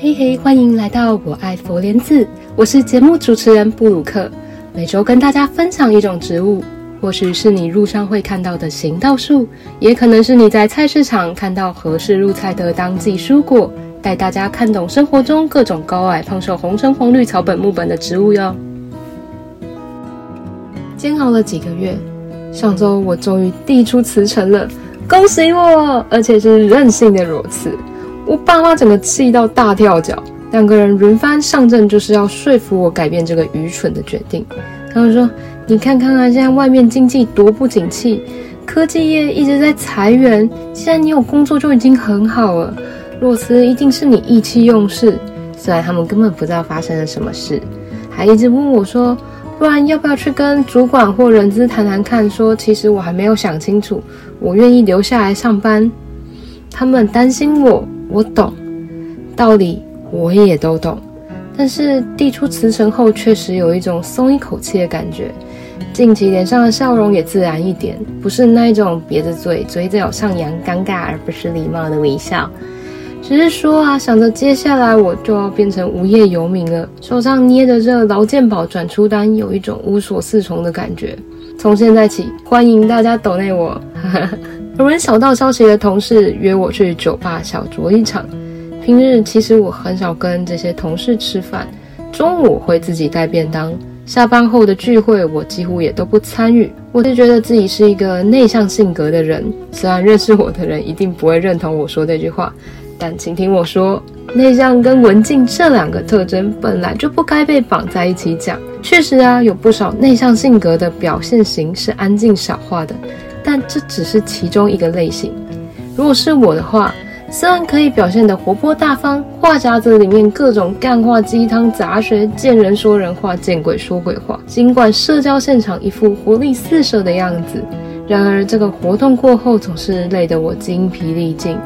嘿嘿，hey hey, 歡迎來到我愛佛蓮子，我是節目主持人布魯克。每周跟大家分享一種植物，或許是你路上會看到的行道樹，也可能是你在菜市場看到合適入菜的當季蔬果，帶大家看懂生活中各種高矮胖瘦、紅橙黃綠草本木本的植物喲。煎熬了幾個月，上周我終於遞出辭呈了，恭喜我，而且是任性的裸辭。我爸媽整個氣到大跳腳，兩個人輪番上陣，就是要說服我改變這個愚蠢的決定。他們說：“你看看啊，現在外面經濟多不景氣，科技業一直在裁員，既然你有工作就已經很好了。”洛斯一定是你意氣用事，雖然他們根本不知道發生了什麼事，還一直問我說：“不然要不要去跟主管或人資談談看？”說其實我還沒有想清楚，我願意留下來上班。他們擔心我。我懂，道理我也都懂，但是遞出辭呈後，確實有一種鬆一口氣的感覺。近期臉上的笑容也自然一點，不是那一種憋着嘴嘴角上揚、尷尬而不失禮貌的微笑。只是說啊，想着接下來我就要變成無業游民了，手上捏着這勞健保轉出單，有一種無所適從的感覺。從現在起，歡迎大家抖內我。 有人小道消息的同事約我去酒吧小酌一場。平日其實我很少跟這些同事吃飯，中午會自己帶便當。下班後的聚會我幾乎也都不參與。我是覺得自己是一個內向性格的人，雖然認識我的人一定不會認同我說這句話，但請聽我說，內向跟文靜這兩個特徵本來就不該被綁在一起講。確實啊，有不少內向性格的表現型是安靜少話的。但這只是其中一個類型。如果是我的話，雖然可以表現得活潑大方，話匣子裡面各種乾話、雞湯、雜學，見人說人話，見鬼說鬼話，儘管社交現場一副活力四射的樣子，然而這個活動過後總是累得我精疲力盡。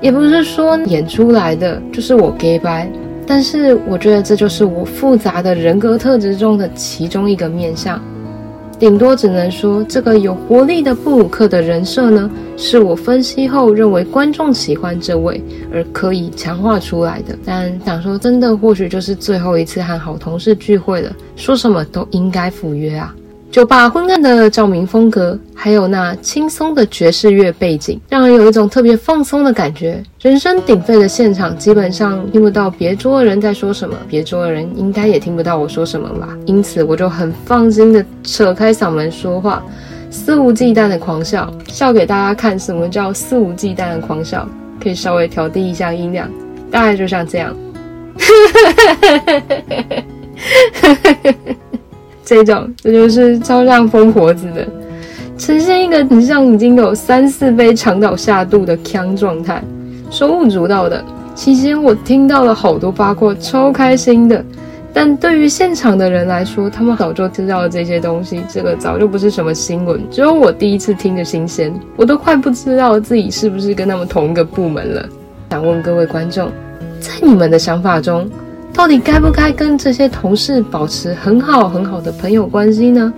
也不是說演出來的就是我假掰，但是我覺得這就是我複雜的人格特質中的其中一個面向。頂多只能說，這個有活力的布魯克的人設呢，是我分析後認為觀眾喜歡這位而可以強化出來的。但想說真的，或許就是最後一次和好同事聚會了，說什麼都應該赴約啊。酒吧昏暗的照明風格，還有那輕鬆的爵士樂背景，讓人有一種特別放鬆的感覺。人聲鼎沸的現場，基本上聽不到別桌的人在說什麼，別桌的人應該也聽不到我說什麼吧。因此，我就很放心地扯開嗓門說話，肆無忌憚的狂笑，笑給大家看什麼叫肆無忌憚的狂笑。可以稍微調低一下音量，大概就像這樣。 這種，這就是超像瘋婆子的，呈現一個你像已經有三四杯長島下肚的腔狀態，手舞足蹈的。期間我聽到了好多八卦，超開心的。但對於現場的人來說，他們早就知道了這些東西，這個早就不是什麼新聞，只有我第一次聽着新鮮，我都快不知道自己是不是跟他們同一個部門了。想問各位觀眾，在你們的想法中，到底該不該跟這些同事保持很好很好的朋友關係呢？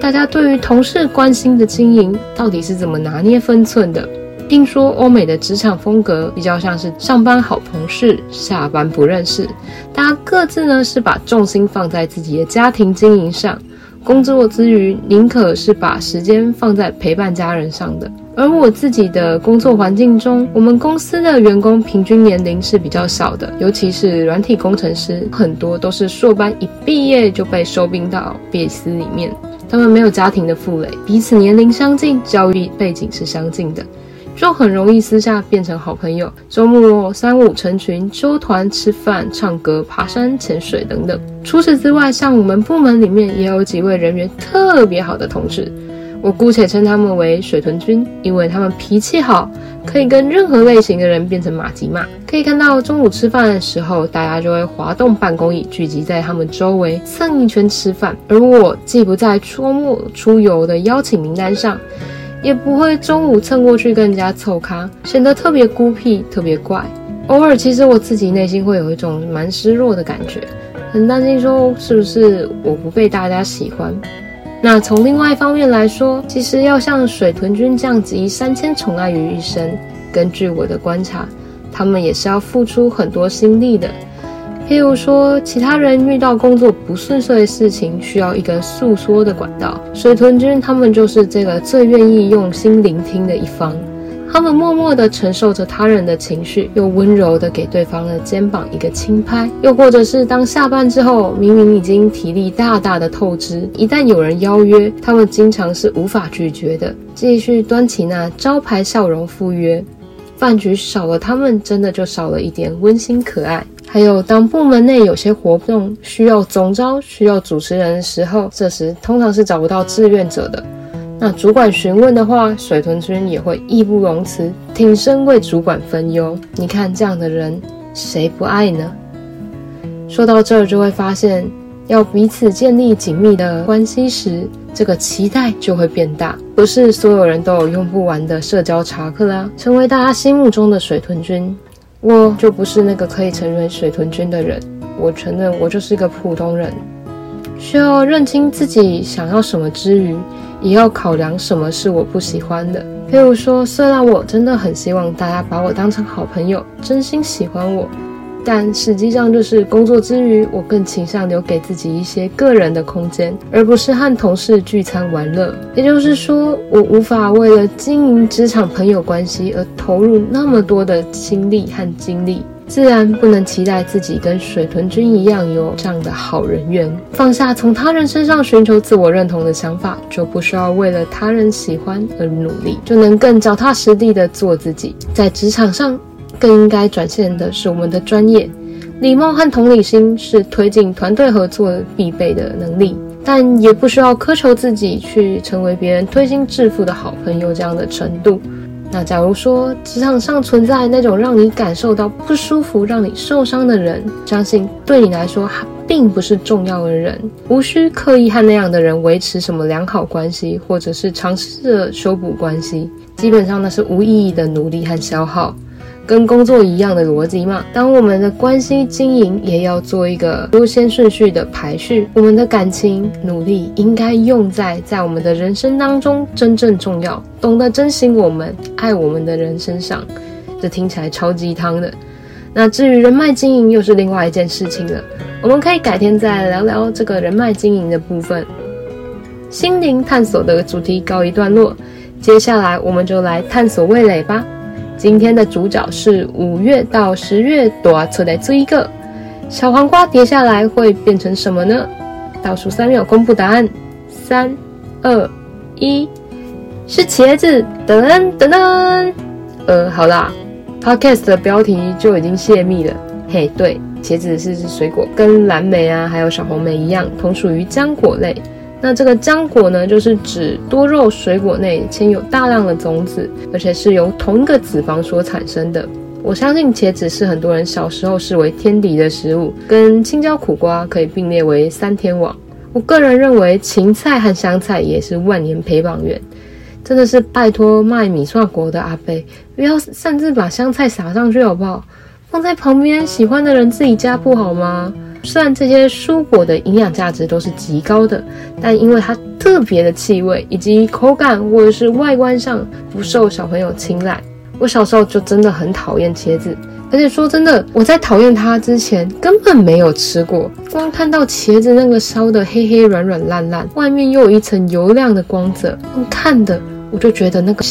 大家對於同事關心的經營到底是怎麼拿捏分寸的？聽說歐美的職場風格比較像是上班好同事，下班不認識，大家各自呢是把重心放在自己的家庭經營上。工作之餘，寧可是把時間放在陪伴家人上的。而我自己的工作環境中，我們公司的員工平均年齡是比較小的，尤其是軟體工程師，很多都是碩班一畢業就被收編到公司裡面，他們沒有家庭的負累，彼此年齡相近，教育背景是相近的。就很容易私下變成好朋友。周末三五成群，周團吃飯、唱歌、爬山、潛水等等。除此之外，像我們部門裡面也有幾位人緣特別好的同事，我姑且稱他們為水豚君，因為他們脾氣好，可以跟任何類型的人變成麻吉嘛。可以看到，中午吃飯的時候，大家就會滑動辦公椅，聚集在他們周圍蹭一圈吃飯。而我既不在周末出遊的邀請名單上。也不會中午蹭過去跟人家湊咖，顯得特別孤僻，特別怪。偶爾，其實我自己內心會有一種蠻失落的感覺，很擔心說是不是我不被大家喜歡。那從另外一方面來說，其實要像水豚君這樣子集三千寵愛於一身，根據我的觀察，他們也是要付出很多心力的。譬如說，其他人遇到工作不順遂的事情，需要一個訴說的管道，水豚君他們就是這個最願意用心聆聽的一方。他們默默地承受着他人的情緒，又溫柔地給對方的肩膀一個輕拍，又或者是當下班之後，明明已經體力大大的透支，一旦有人邀約，他們經常是無法拒絕的，繼續端起那招牌笑容赴約。飯局少了他們，真的就少了一點溫馨可愛。還有，當部門內有些活動需要總召、需要主持人的時候，這時通常是找不到志願者的。那主管詢問的話，水豚君也會義不容辭，挺身為主管分憂。你看這樣的人，誰不愛呢？說到這兒，就會發現，要彼此建立緊密的關係時，這個期待就會變大。不是所有人都有用不完的社交查克拉，成為大家心目中的水豚君。我就不是那個可以成為水豚君的人。我承認我就是一個普通人，需要認清自己想要什麼之餘，也要考量什麼是我不喜歡的，比如說色狼，我真的很希望大家把我當成好朋友，真心喜歡我，但實際上，就是工作之餘，我更傾向留給自己一些個人的空間，而不是和同事聚餐玩樂。也就是說，我無法為了經營職場朋友關係而投入那麼多的心力和精力，自然不能期待自己跟水豚君一樣有這樣的好人緣。放下從他人身上尋求自我認同的想法，就不需要為了他人喜歡而努力，就能更腳踏實地地做自己，在職場上，更應該展現的是我們的專業、禮貌和同理心，是推進團隊合作必備的能力，但也不需要苛求自己去成為別人推心置腹的好朋友這樣的程度。那假如說職場上存在那種讓你感受到不舒服、讓你受傷的人，相信對你來說還並不是重要的人，無需刻意和那樣的人維持什麼良好關係，或者是嘗試着修補關係，基本上那是無意義的努力和消耗。跟工作一樣的邏輯嘛，當我們的關係經營也要做一個優先順序的排序，我們的感情努力應該用在在我們的人生當中真正重要、懂得珍惜我們、愛我們的人身上。這聽起來超雞湯的。那至於人脈經營又是另外一件事情了，我們可以改天再聊聊這個人脈經營的部分。心靈探索的主題告一段落，接下來我們就來探索味蕾吧。今天的主角是五月到十月多出的這一個小黃瓜疊下來會變成什麼呢？倒數三秒公布答案，三二一，是茄子！噔噔噔，呃，好啦，podcast 的標題就已經洩密了。嘿，對，茄子是水果，跟藍莓啊，還有小紅莓一樣，同屬於漿果類。那這個漿果呢，就是指多肉水果內含有大量的種子，而且是由同一個子房所產生的。我相信茄子是很多人小時候視為天敵的食物，跟青椒、苦瓜可以並列為三天王。我個人認為芹菜和香菜也是萬年陪榜員，真的是拜託賣米蒜國的阿菲，不要擅自把香菜撒上去，好不好？放在旁邊，喜歡的人自己夾不好嗎？雖然這些蔬果的營養價值都是極高的，但因為它特別的氣味以及口感或者是外觀上不受小朋友青睞。我小時候就真的很討厭茄子，而且說真的，我在討厭它之前根本沒有吃過。光看到茄子那個燒得黑黑軟軟爛爛，外面又有一層油亮的光澤，光看的我就覺得那個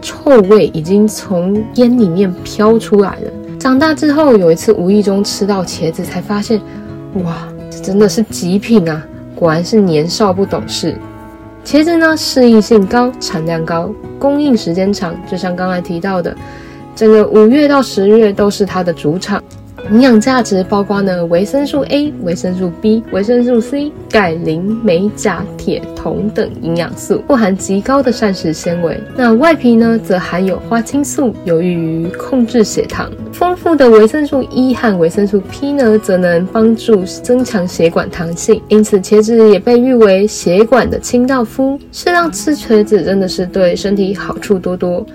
臭味已經從煙裡面飄出來了。長大之後，有一次無意中吃到茄子，才發現，哇，這真的是極品啊！果然是年少不懂事。茄子呢，適應性高，產量高，供應時間長。就像剛才提到的，整個五月到十月都是它的主場。營養價值包括呢，維生素 A、維生素 B、維生素 C、鈣、磷、鎂、鉀、鐵、銅等營養素，富含極高的膳食纖維。那外皮呢，則含有花青素，有益於控制血糖；豐富的維生素 E 和維生素 P 呢，則能幫助增強血管彈性。因此，茄子也被譽為“血管的清道夫”。適量吃茄子，真的是對身體好處多多。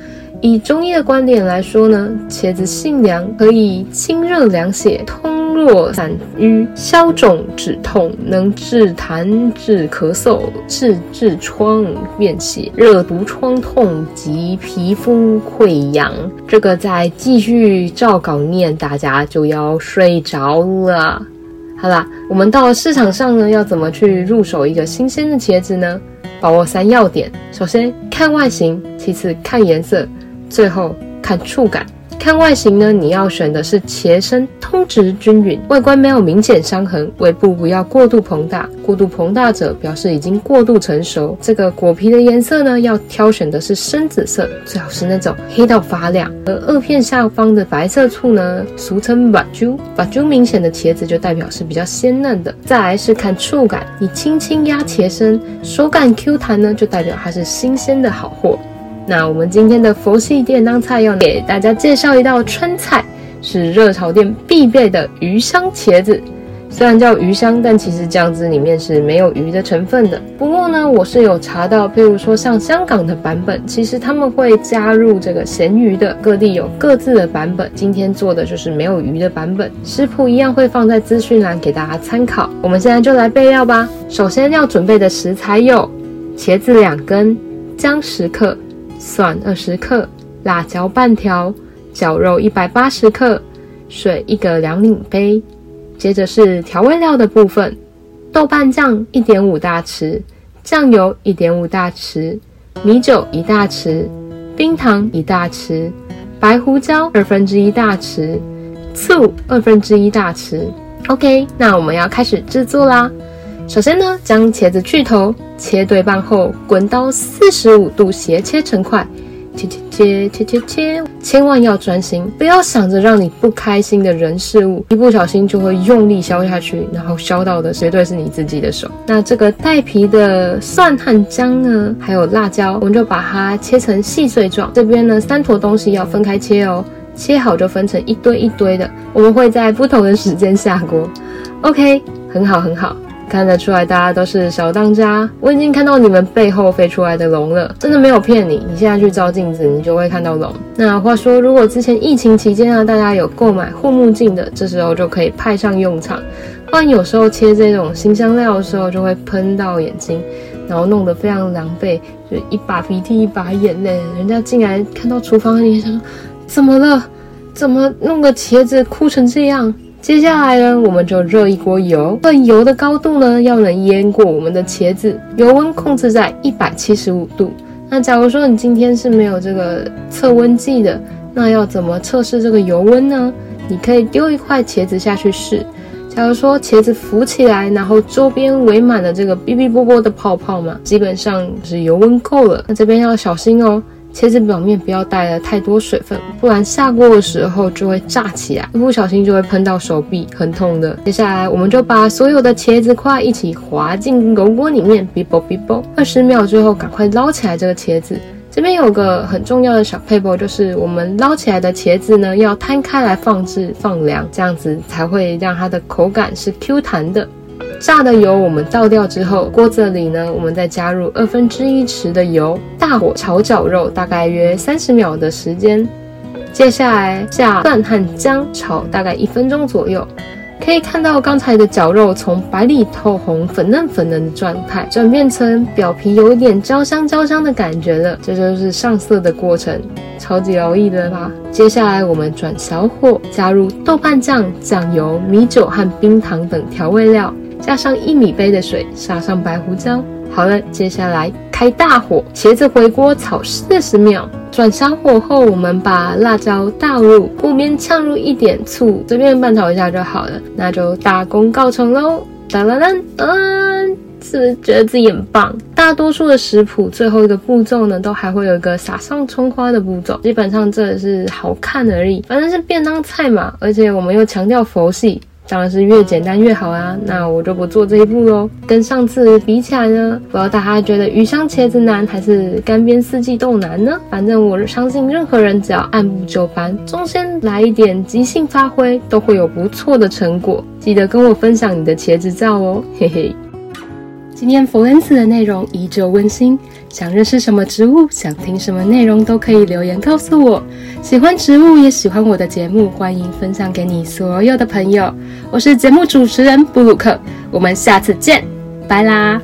以中醫的觀點來說呢，茄子性涼，可以清熱涼血、通絡散瘀、消腫止痛，能治痰、治咳嗽、治痔瘡、便血、熱毒瘡痛及皮膚潰瘍。這個再繼續照稿念，大家就要睡着了。好啦，我們到市場上呢，要怎麼去入手一個新鮮的茄子呢？把握三要點：首先看外形，其次看顏色。最後看觸感，看外形呢，你要選的是茄身通直均勻，外觀沒有明顯傷痕，尾部不要過度膨大，過度膨大者表示已經過度成熟。這個果皮的顏色呢，要挑選的是深紫色，最好是那種黑到發亮。而萼片下方的白色處呢，俗稱把揪，把揪明顯的茄子就代表是比較鮮嫩的。再來是看觸感，你輕輕壓茄身，手感 Q 彈呢，就代表它是新鮮的好貨。那我們今天的佛系便當菜要給大家介紹一道川菜，是熱炒店必備的魚香茄子。雖然叫魚香，但其實醬汁裡面是沒有魚的成分的。不過呢，我是有查到，譬如說像香港的版本，其實他們會加入這個鹹魚的。各地有各自的版本。今天做的就是沒有魚的版本，食譜一樣會放在資訊欄給大家參考。我們現在就來備料吧。首先要準備的食材有茄子兩根，薑十克。蒜二十克，辣椒半條，絞肉一百八十克，水一個量米杯。接着是調味料的部分：豆瓣醬一點五大匙，醬油一點五大匙，米酒一大匙，冰糖一大匙，白胡椒二分之一大匙，醋二分之一大匙。OK，那我們要開始製作啦。首先呢，將茄子去頭，切對半後，滾刀四十五度斜切成塊，切切切切切切，千萬要專心，不要想着讓你不開心的人事物，一不小心就會用力削下去，然後削到的絕對是你自己的手。那這個帶皮的蒜和薑呢，還有辣椒，我們就把它切成細碎狀。這邊呢，三坨東西要分開切哦，切好就分成一堆一堆的，我們會在不同的時間下鍋。OK，很好很好。看得出來，大家都是小當家。我已經看到你們背後飛出來的龍了，真的沒有騙你。你現在去照鏡子，你就會看到龍。那話說，如果之前疫情期間啊，大家有購買護目鏡的，這時候就可以派上用場。不然有時候切這種新香料的時候，就會噴到眼睛，然後弄得非常狼狽，就是、一把鼻涕一把眼淚。人家進來看到廚房裡想說，怎麼了？怎麼弄個茄子哭成這樣？接下來呢，我們就熱一鍋油，這個油的高度呢，要能淹過我們的茄子，油溫控制在一百七十五度。那假如說你今天是沒有這個測溫計的，那要怎麼測試這個油溫呢？你可以丟一塊茄子下去試。假如說茄子浮起來，然後周邊圍滿了這個嗶嗶啵啵的泡泡嘛，基本上是油溫夠了。那這邊要小心哦。茄子表面不要帶了太多水分，不然下鍋的時候就會炸起來，一不小心就會噴到手臂，很痛的。接下來，我們就把所有的茄子塊一起滑進油鍋裡面，嗶啵嗶啵。二十秒之後，趕快撈起來這個茄子。這邊有個很重要的小撇步，就是我們撈起來的茄子呢，要攤開來放置放涼，這樣子才會讓它的口感是 Q 彈的。炸的油我們倒掉之後，鍋子裡呢，我們再加入二分之一匙的油，大火炒絞肉，大概約三十秒的時間。接下來下蒜和薑炒大概一分鐘左右，可以看到剛才的絞肉從白裡透紅、粉嫩粉嫩的狀態，轉變成表皮有一點焦香、焦香的感覺了。這就是上色的過程，超級容易的啦。接下來我們轉小火，加入豆瓣醬、醬油、米酒和冰糖等調味料。加上一米杯的水，撒上白胡椒。好了，接下來開大火，茄子回鍋炒四十秒。轉小火後，我們把辣椒倒入，後面嗆入一點醋，隨便拌炒一下就好了。那就大功告成嘍！噠啦啦，啊、呃，是不是、呃、覺得自己很棒。大多數的食譜最後一個步驟呢，都還會有一個撒上蔥花的步驟。基本上這是好看而已，反正是便當菜嘛，而且我們又強調佛系。當然是越簡單越好啊！那我就不做這一步嘍。跟上次比起來呢，不知道大家覺得魚香茄子難還是乾煸四季豆難呢？反正我相信任何人只要按部就班，中間來一點即興發揮，都會有不錯的成果。記得跟我分享你的茄子照哦，嘿嘿。今天佛恩寺的內容依舊溫馨。想認識什麼植物，想聽什麼內容都可以留言告訴我。喜歡植物也喜歡我的節目，歡迎分享給你所有的朋友。我是節目主持人布魯克，我們下次見，拜啦。